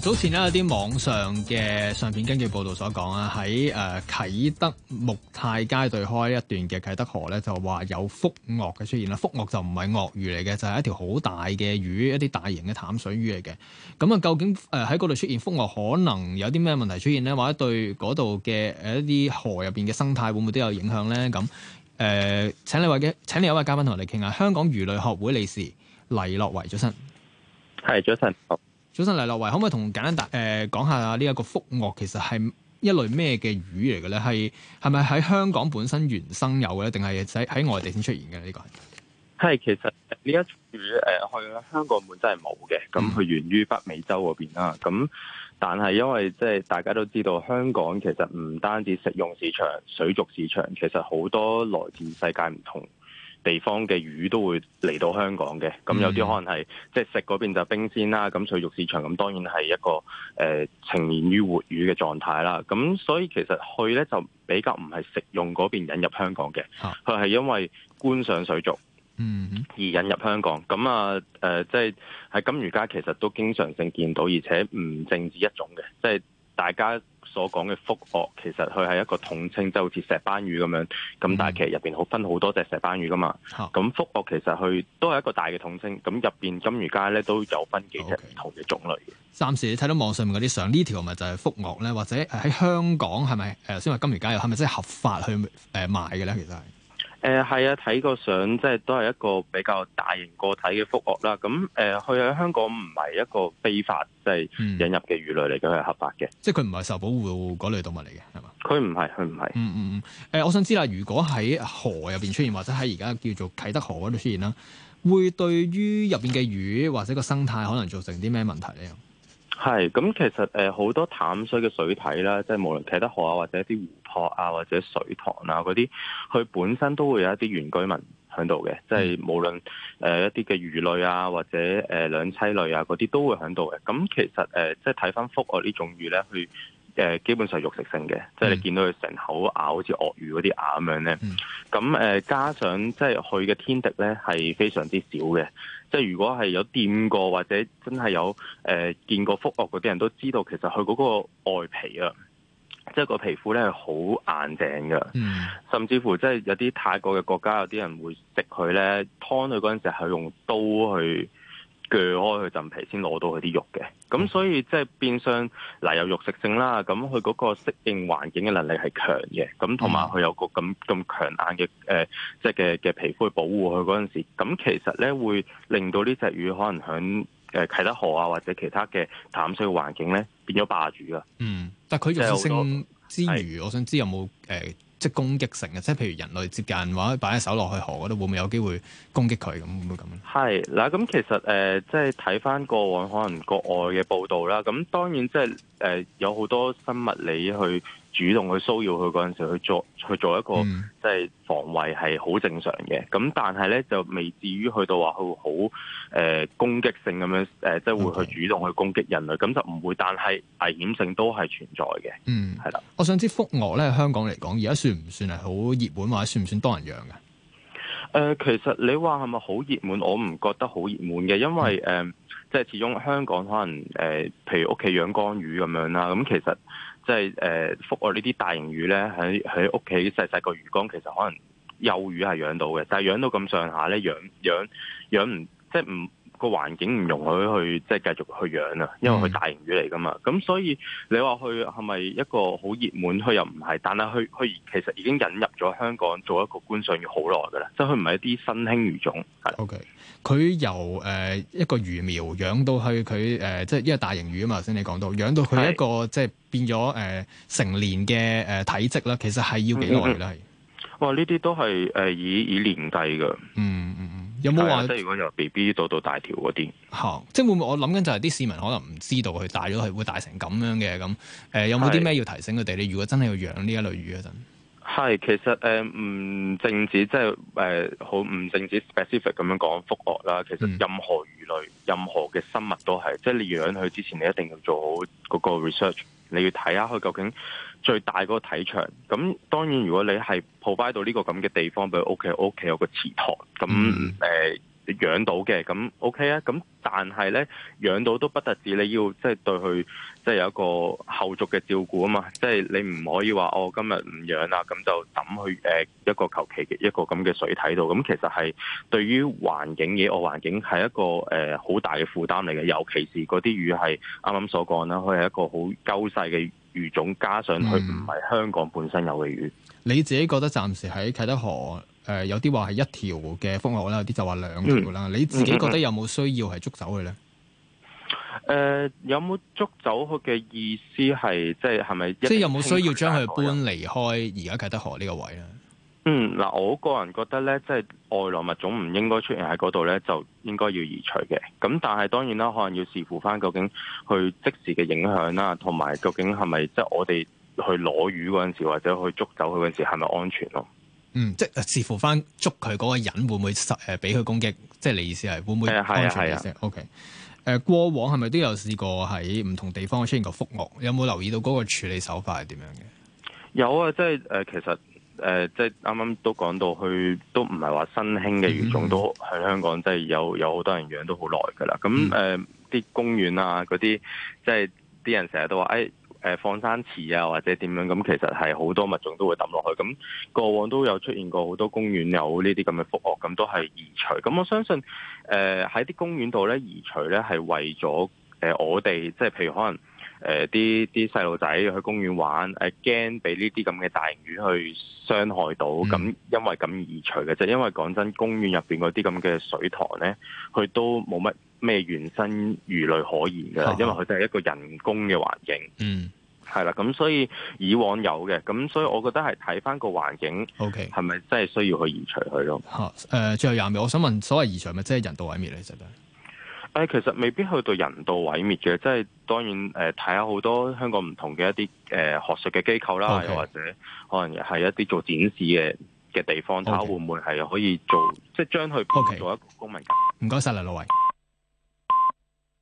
早前呢，有啲網上嘅相片，根據報道所講啊，喺誒啟德木泰街對開一段嘅啟德河咧，就話有福鱷嘅出現啦。福鱷就唔係鱷魚嚟嘅，就係、是、一條好大嘅魚，一啲大型嘅淡水魚嚟嘅。咁、嗯、啊，究竟誒喺嗰度出現福鱷，福可能有啲咩問題出現咧？或者對嗰度嘅誒一啲河入邊嘅生態，會唔會都有影響咧？咁誒、呃，請你位嘅，請你有一位嘉賓同我哋傾下，香港魚類學會理事黎諾維早晨。係，早晨。早晨早晨黎諾維，可唔可以同簡單達誒、呃、講下呢一個福鱷其實係一類咩嘅魚嚟嘅咧？係、係咪喺香港本身原生有咧，定係喺喺外地先出現嘅呢個？係其實呢一種魚誒去、呃、香港本真係冇嘅，咁佢源於北美洲嗰邊啦。咁但係因為即係大家都知道，香港其實唔單止食用市場、水族市場，其實好多來自世界唔同。地方嘅魚都會嚟到香港嘅，咁有啲可能係即係食嗰邊就冰鮮啦，咁水族市場咁當然係一個誒呈現於活魚嘅狀態啦。咁所以其實去呢就比較唔係食用嗰邊引入香港嘅，佢係、啊、因為觀賞水族，嗯，而引入香港。咁、嗯、哼啊誒、呃，即係喺金魚街其實都經常性見到，而且唔淨止一種嘅，即係大家。所講嘅福鱷其實佢係一個統稱，即係好似石斑魚咁樣，咁但係其實入邊好分好多隻石斑魚噶嘛。咁福鱷其實佢都係一個大嘅統稱，咁入邊金魚街咧都有分幾隻唔同嘅種類。Okay. 暫時你睇到網上面嗰啲相，條是是是呢條係咪就係福鱷咧？或者喺香港係咪誒先話金魚街又係咪真係合法去誒賣嘅咧？其實係。誒，係啊，睇個相即係都係一個比較大型個體嘅福鱷啦。咁誒，佢喺香港唔係一個非法即係引入嘅魚類嚟嘅，係合法嘅。即係佢唔係受保護嗰類動物嚟嘅，係嘛？佢唔係，佢唔係。誒、嗯嗯嗯，呃，我想知啦，如果喺河入邊出現，或者喺而家叫做啟德河嗰度出現啦，會對於入邊嘅魚或者個生態可能造成啲咩問題呢？係，咁其實誒好、呃、多淡水嘅水體啦，即係無論啟德河啊，或者啲湖泊啊，或者水塘啊嗰啲，佢本身都會有一啲原居民響度嘅，嗯、即係無論誒、呃、一啲嘅魚類啊，或者誒、呃、兩棲類啊嗰啲都會響度嘅。咁其實誒、呃、即係睇翻福鱷呢種魚咧，去。誒基本上肉食性嘅，即係你見到佢成口牙好似鱷魚嗰啲牙咁樣咧。咁誒加上即係佢嘅天敵咧係非常之少嘅。即係如果係有掂過或者真係有誒、呃、見過福鱷嗰啲人都知道，其實佢嗰個外皮啊，即係個皮膚咧係好硬淨㗎。嗯、甚至乎即係有啲泰國嘅國家有啲人會食佢咧，劏佢嗰陣時係用刀去。鋸開佢陣皮先攞到佢啲肉嘅，咁、嗯、所以即係變相嗱有肉食性啦，咁佢嗰個適應環境嘅能力係強嘅，咁同埋佢有個咁咁強硬嘅誒、呃，即係嘅嘅皮膚去保護佢嗰陣時，咁其實咧會令到呢隻魚可能響誒啟德河啊或者其他嘅淡水環境咧變咗霸主噶、啊。嗯，但佢肉食性之餘，我想知有冇誒？呃即攻擊性嘅，即係譬如人類接近或者擺隻手落去河嗰度，會唔會有機會攻擊佢咁？會唔會咁樣？係嗱，咁其實誒、呃，即係睇翻過往可能國外嘅報道啦。咁當然即係誒、呃，有好多生物你去。主動去騷擾佢嗰陣時，去做去做一個即係防衞係好正常嘅。咁、嗯、但係咧就未至於去到話佢會好誒攻擊性咁樣誒，即係會去主動去攻擊人類，咁、嗯、就唔會。但係危險性都係存在嘅。嗯，係啦的。我想知福鵝鱷咧，香港嚟講而家算唔算係好熱門，或者算唔算多人養嘅？誒、呃，其實你話係咪好熱門，我唔覺得好熱門嘅，因為誒、嗯呃，即係始終香港可能誒、呃，譬如屋企養缸魚咁樣啦，咁其實。即係誒，福鱷呢啲大型魚咧，喺喺屋企細細個魚缸，其實可能幼魚係養到嘅，但係養到咁上下咧，養養養唔即係唔。個環境唔容許去即係繼續去養啊，因為佢大型魚嚟噶嘛，咁所以你話佢係咪一個好熱門？佢又唔係，但係佢佢其實已經引入咗香港做一個觀賞魚好耐噶啦，即係佢唔係一啲新興魚種。係，O K，佢由誒、呃、一個魚苗養到去佢誒，即係、呃、因為大型魚啊嘛，頭先你講到養到佢一個即係的變咗誒、呃、成年嘅誒體積啦，其實係要幾耐咧？哇，呢啲都係誒以以，以年計噶、嗯。嗯嗯嗯。有冇話即如果由 B B 到到大條嗰啲吓？即係會唔會我諗緊就係啲市民可能唔知道佢大咗係會大成咁樣嘅咁？誒、呃、有冇啲咩要提醒佢哋？你是如果真係要養呢一類魚嗰陣，係其實誒唔、呃、淨止即係誒好唔淨止 specific 咁樣講福鱷啦。其實任何魚類、任何嘅生物都係，嗯、即係你養佢之前，你一定要做好嗰個 research。你要睇下佢究竟最大嗰個體長，咁當然如果你係 provide 到呢個咁嘅地方，比如屋企，屋企有個池塘，咁誒。Mm hmm. 養到嘅咁 OK 啊，咁但係呢，養到都不得止，你要即係對佢即係有一個後續嘅照顧啊嘛，即係你唔可以話我、哦、今日唔養啦，咁就抌去誒、呃、一個求其嘅一個咁嘅水體度，咁其實係對於環境嘅，我環境係一個誒好、呃、大嘅負擔嚟嘅，尤其是嗰啲魚係啱啱所講啦，佢係一個好嬌細嘅魚種，加上佢唔係香港本身有嘅魚、嗯，你自己覺得暫時喺啟德河？誒、呃，有啲話係一條嘅福口啦，有啲就話兩條啦。嗯、你自己覺得有冇需要係捉走佢呢？誒、呃，有冇捉走佢嘅意思係，就是、是是即係係咪？即係有冇需要將佢搬離開而家介德河呢個位咧？嗯，嗱，我個人覺得呢，即係外來物種唔應該出現喺嗰度呢，就應該要移除嘅。咁但係當然啦，可能要視乎翻究竟去即時嘅影響啦，同埋究竟係咪即係我哋去攞魚嗰陣時，或者去捉走佢嗰陣時，係咪安全咯？嗯，即係視乎翻捉佢嗰個人會唔會實誒俾佢攻擊，即係你意思係會唔會安全啲先？OK，誒過往係咪都有試過喺唔同地方出現過福鱷？有冇留意到嗰個處理手法係點樣嘅？有啊，即係誒、呃、其實誒、呃、即係啱啱都講到去，都唔係話新興嘅魚種都，嗯、都喺香港即係有有好多人養都好耐噶啦。咁誒啲公園啊嗰啲，即係啲人成日都話誒。哎誒放生池啊，或者點樣咁，其實係好多物種都會抌落去。咁過往都有出現過好多公園有呢啲咁嘅福鱷，咁都係移除。咁我相信誒喺啲公園度呢，移除呢係為咗誒我哋，即係譬如可能誒啲啲細路仔去公園玩，誒驚俾呢啲咁嘅大型魚去傷害到，咁因為咁移除嘅就因為講真，公園入邊嗰啲咁嘅水塘呢，佢都冇乜咩原生魚類可言噶？因為佢真係一個人工嘅環境，嗯，係啦。咁所以以往有嘅，咁所以我覺得係睇翻個環境，O K. 係咪真係需要去移除佢咯？誒，最後廿秒，我想問所謂移除咪即係人道毀滅咧？實際誒，其實未必去到人道毀滅嘅，即係當然誒，睇下好多香港唔同嘅一啲誒學術嘅機構啦，又 Okay. 或者可能係一啲做展示嘅嘅地方，睇下 Okay. 會唔會係可以做即係將佢 O K. 做一個公民。唔該晒，黎老維。